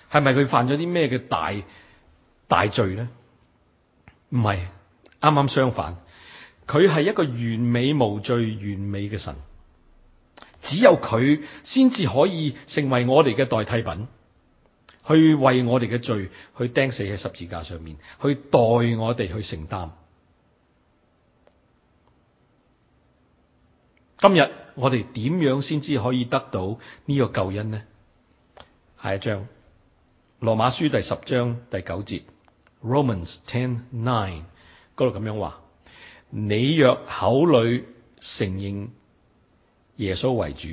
係咪佢犯咗啲咩嘅大大罪咧？唔係，啱啱相反，佢係一個完美無罪、完美嘅神，只有佢先至可以成為我哋嘅代替品。去為我哋嘅罪去釘死喺十字架上面，去代我哋去承擔。今日我哋點樣先至可以得到呢個救恩呢？下一章羅馬書第十章第九節，Romans Ten Nine 嗰度咁樣話：你若口裏承認耶穌為主。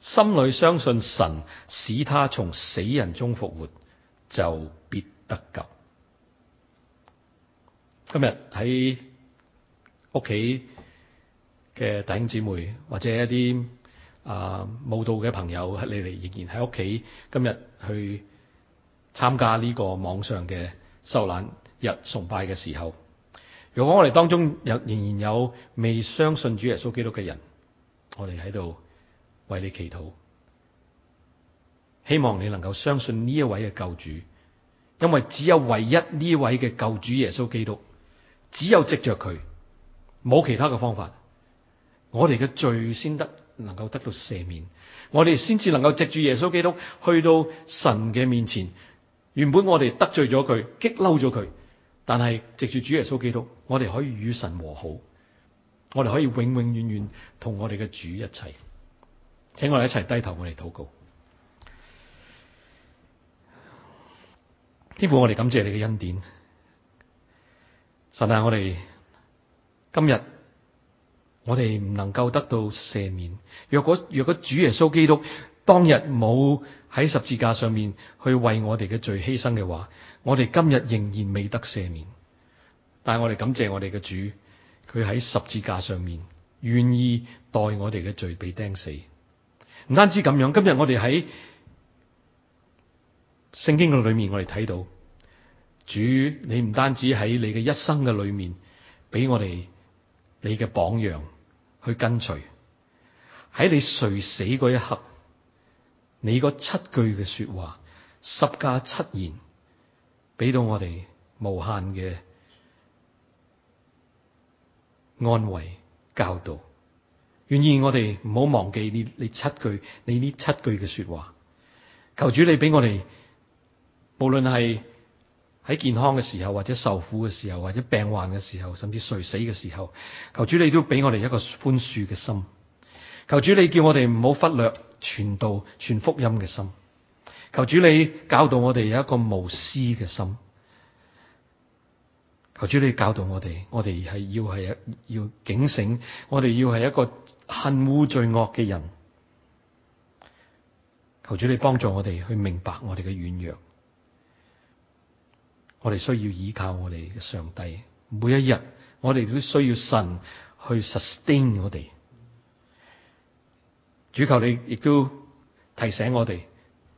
心裏相信神使他從死人中復活，就必得救。今日喺屋企嘅弟兄姊妹，或者一啲啊、呃、慕道嘅朋友，你哋仍然喺屋企，今日去參加呢個網上嘅受難日崇拜嘅時候，如果我哋當中有仍然有未相信主耶穌基督嘅人，我哋喺度。為你祈禱，希望你能夠相信呢一位嘅救主，因為只有唯一呢位嘅救主耶穌基督，只有藉着佢，冇其他嘅方法，我哋嘅罪先得能夠得到赦免，我哋先至能夠藉住耶穌基督去到神嘅面前。原本我哋得罪咗佢，激嬲咗佢，但係藉住主耶穌基督，我哋可以與神和好，我哋可以永永遠遠同我哋嘅主一齊。請我哋一齊低頭，我哋嚟禱告。天父，我哋感謝你嘅恩典。神啊，我哋今日我哋唔能夠得到赦免。若果若果主耶穌基督當日冇喺十字架上面去為我哋嘅罪犧牲嘅話，我哋今日仍然未得赦免。但係我哋感謝我哋嘅主，佢喺十字架上面願意代我哋嘅罪被釘死。唔單止咁樣，今日我哋喺聖經嘅裏，裏面，我哋睇到主你唔單止喺你嘅一生嘅裏面俾我哋你嘅榜樣去跟隨，喺你垂死一刻，你七句嘅說話，十架七言，俾到我哋無限嘅安慰教導。願意我哋唔好忘記你，你七句，你呢七句嘅說話，求主你俾我哋無論係喺健康嘅時候，或者受苦嘅時候，或者病患嘅時候，甚至垂死嘅時候，求主你都俾我哋一個寬恕嘅心，求主你叫我哋唔好忽略傳道傳福音嘅心，求主你教導我哋有一個無私嘅心。求主你教導我哋，我哋係要係要警醒，我哋要係一個恨惡罪惡嘅人。求主你幫助我哋去明白我哋嘅軟弱，我哋需要依靠我哋嘅上帝。每一日我哋都需要神去 sustain 我哋。主求你亦都提醒我哋，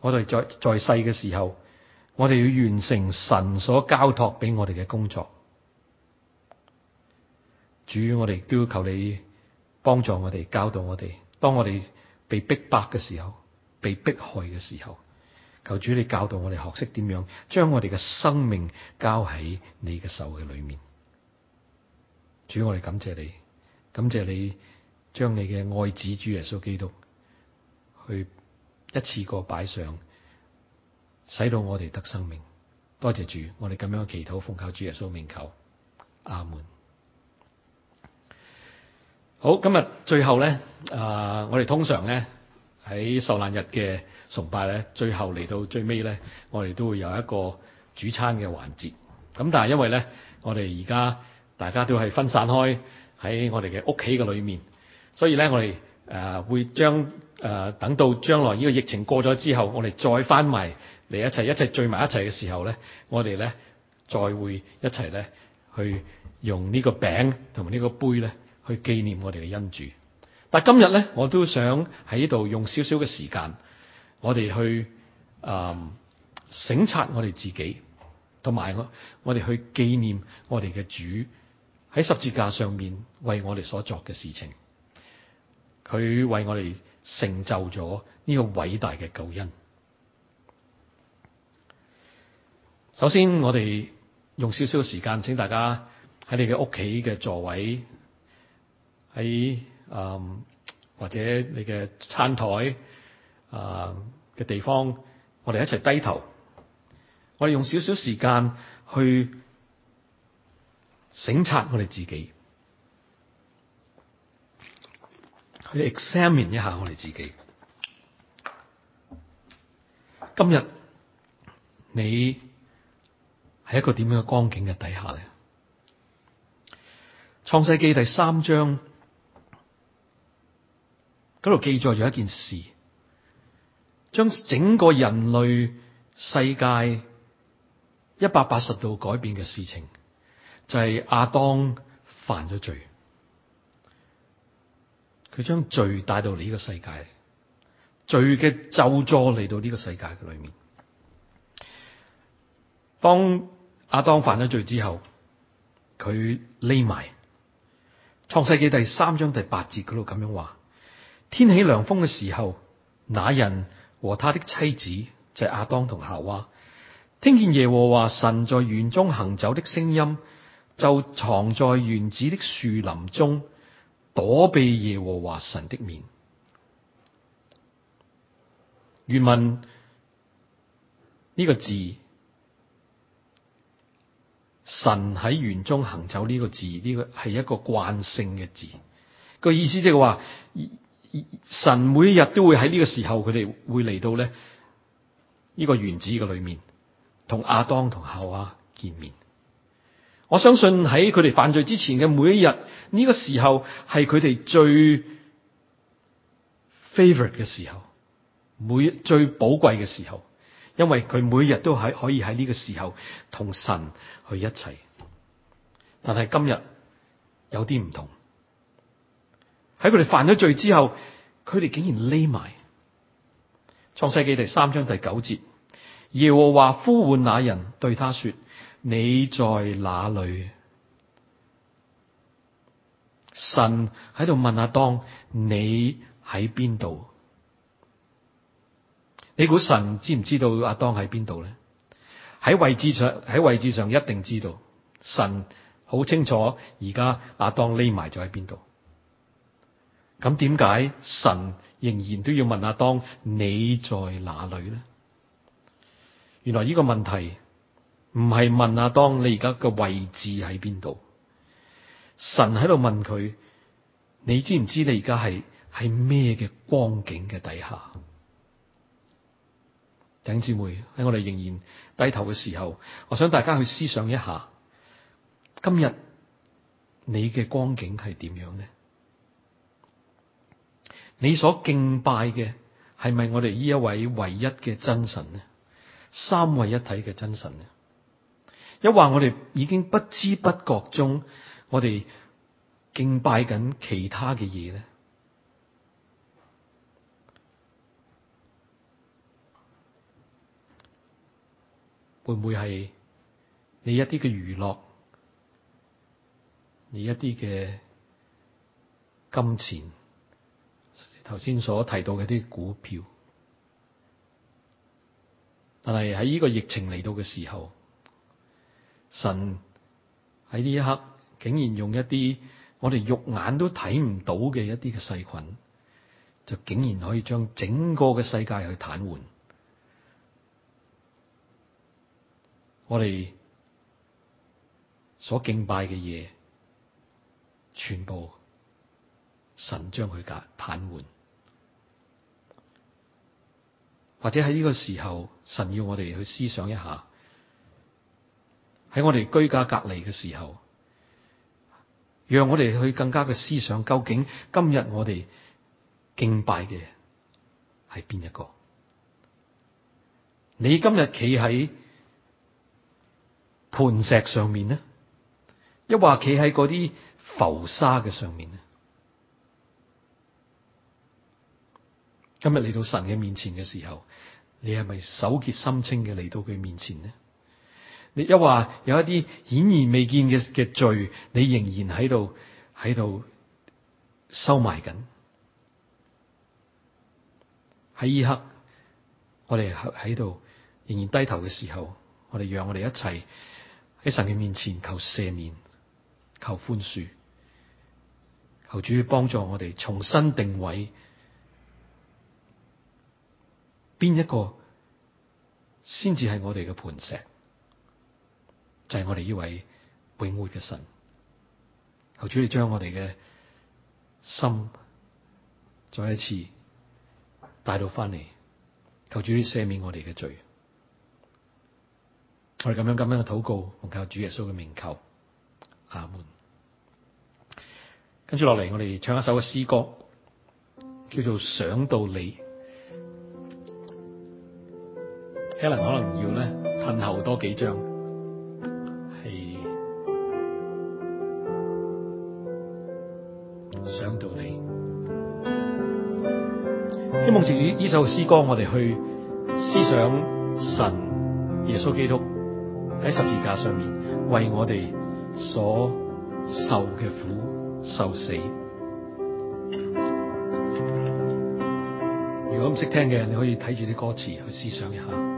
我哋在在世嘅時候，我哋要完成神所交託俾我哋嘅工作。主，我哋都要求你幫助我哋，教導我哋。當我哋被逼迫嘅時候，被逼害嘅時候，求主你教導我哋學識點樣將我哋嘅生命交喺你嘅手嘅裏面。主，我哋感謝你，感謝你將你嘅愛子主耶穌基督去一次過擺上，使到我哋得生命。多謝主，我哋咁樣祈禱，奉靠主耶穌名求，阿門。好，今日最後呢，啊、呃，我哋通常呢，喺受難日嘅崇拜呢，最後嚟到最尾呢，我哋都會有一個主餐嘅環節。咁但係因為呢，我哋而家大家都係分散開喺我哋嘅屋企嘅裏面，所以呢，我哋啊、呃、會將啊、呃、等到將來呢個疫情過咗之後，我哋再翻埋嚟一齊一齊聚埋一齊嘅時候呢，我哋呢，再會一齊呢，去用呢個餅同呢個杯呢。去紀念我哋嘅恩主，但今日咧，我都想喺呢度用少少嘅時間，我哋去啊、嗯、省察我哋自己，同埋我我哋去紀念我哋嘅主喺十字架上面為我哋所作嘅事情，佢為我哋成就咗呢個偉大嘅救恩。首先，我哋用少少嘅時間，請大家喺你嘅屋企嘅座位。喺誒、呃、或者你嘅餐台誒嘅、呃、地方，我哋一齊低頭，我哋用少少時間去省察我哋自己，去 examine 一下我哋自己。今日你係一個點樣嘅光景嘅底下咧？創世記第三章。度記載咗一件事，將整個人類世界一百八十度改變嘅事情，就係亞當犯咗罪，佢將罪帶到嚟呢個世界，罪嘅咒詛嚟到呢個世界嘅裏面。當亞當犯咗罪之後，佢匿埋創世紀第三章第八節度咁樣話。天起涼風嘅時候，那人和他的妻子就係、是、阿當同夏娃，聽見耶和華神在園中行走的聲音，就藏在園子的樹林中躲避耶和華神的面。原文：這「呢個字，神喺園中行走呢個字呢、這個係一個慣性嘅字，這個意思即係話。神每一日都會喺呢個時候，佢哋會嚟到咧呢個園子嘅裏面，同亞當同夏娃見面。我相信喺佢哋犯罪之前嘅每一日，呢個時候係佢哋最 favorite 嘅時候，每最寶貴嘅時候，因為佢每日都喺可以喺呢個時候同神去一齊。但係今日有啲唔同。喺佢哋犯咗罪之後，佢哋竟然匿埋。創世紀第三章第九節，耶和華呼喚那人，對他說：你在哪裏？神喺度問阿當，你喺邊度？你估神知唔知道阿當喺邊度咧？喺位置上，喺位置上一定知道。神好清楚，而家阿當匿埋咗喺邊度。咁點解神仍然都要問阿當你在哪裏呢？原來呢個問題唔係問阿當你而家嘅位置喺邊度，神喺度問佢：你知唔知你而家係喺咩嘅光景嘅底下？弟兄姊妹，喺我哋仍然低頭嘅時候，我想大家去思想一下：今日你嘅光景係點樣呢？你所敬拜嘅係咪我哋呢一位唯一嘅真神呢？三位一體嘅真神呢？又話我哋已經不知不覺中，我哋敬拜緊其他嘅嘢咧，會唔會係你一啲嘅娛樂，你一啲嘅金錢？頭先所提到嘅啲股票，但係喺呢個疫情嚟到嘅時候，神喺呢一刻竟然用一啲我哋肉眼都睇唔到嘅一啲嘅細菌，就竟然可以將整個嘅世界去癱瘓。我哋所敬拜嘅嘢，全部神將佢哋癱瘓。或者喺呢個時候，神要我哋去思想一下，喺我哋居家隔離嘅時候，讓我哋去更加嘅思想，究竟今日我哋敬拜嘅係邊一個？你今日企喺磐石上面呢？抑或企喺啲浮沙嘅上面呢？今日嚟到神嘅面前嘅時候，你係咪手潔心清嘅嚟到佢面前呢？你又話有一啲顯而未見嘅嘅罪，你仍然喺度喺度收埋緊。喺呢刻，我哋喺度仍然低頭嘅時候，我哋讓我哋一齊喺神嘅面前求赦免、求寬恕、求主幫助我哋重新定位。邊一個先至係我哋嘅磐石？就係我哋呢位永活嘅神。求主你將我哋嘅心再一次帶到翻嚟，求主你赦免我哋嘅罪。我哋咁樣咁樣嘅禱告，同靠主耶穌嘅名求阿門。跟住落嚟，我哋唱一首嘅詩歌，叫做想到你。Helen 可能要咧褪後多幾張，係想到你，希望藉住呢首詩歌，我哋去思想神耶穌基督喺十字架上面為我哋所受嘅苦受死。如果唔識聽嘅，你可以睇住啲歌詞去思想一下。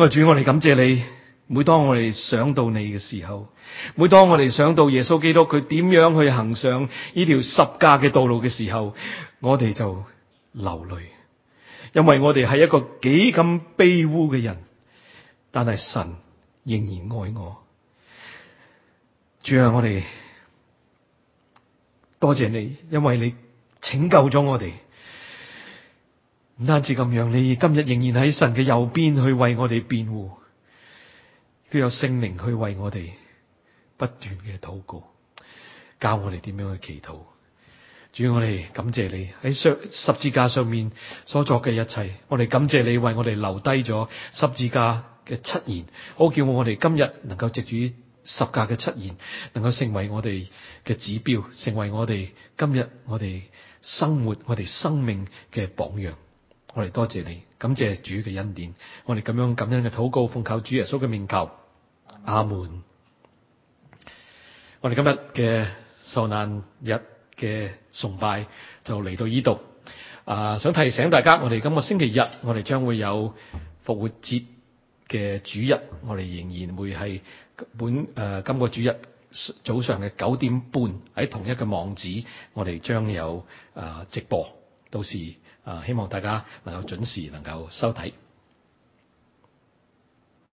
恩主，我哋感謝你。每當我哋想到你嘅時候，每當我哋想到耶穌基督佢點樣去行上呢條十架嘅道路嘅時候，我哋就流淚，因為我哋係一個幾咁卑污嘅人，但係神仍然愛我。主啊，我哋多謝你，因為你拯救咗我哋。唔單止咁樣，你今日仍然喺神嘅右邊去為我哋辯護，亦都有聖靈去為我哋不斷嘅禱告，教我哋點樣去祈禱。主，我哋感謝你喺上十字架上面所作嘅一切，我哋感謝你為我哋留低咗十字架嘅七言，好叫我哋今日能夠藉住十字架嘅七言，能夠成為我哋嘅指標，成為我哋今日我哋生活、我哋生命嘅榜樣。我哋多謝你，感謝主嘅恩典。我哋咁樣感恩嘅禱告，奉靠主耶穌嘅名求，阿門。我哋今日嘅受難日嘅崇拜就嚟到呢度。啊、呃，想提醒大家，我哋今個星期日我哋將會有復活節嘅主日，我哋仍然會係本誒、呃、今個主日早上嘅九點半喺同一個網址，我哋將有啊、呃、直播，到時。啊！希望大家能夠準時能夠收睇。